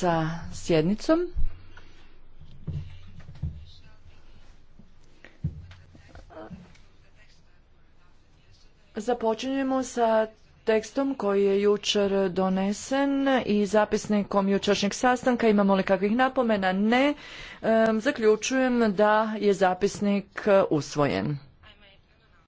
sa sjednicom. Započinjemo sa tekstom koji je jučer donesen i zapisnikom jučerašnjeg sastanka. Imamo li kakvih napomena? Ne. zaključujem da je zapisnik usvojen.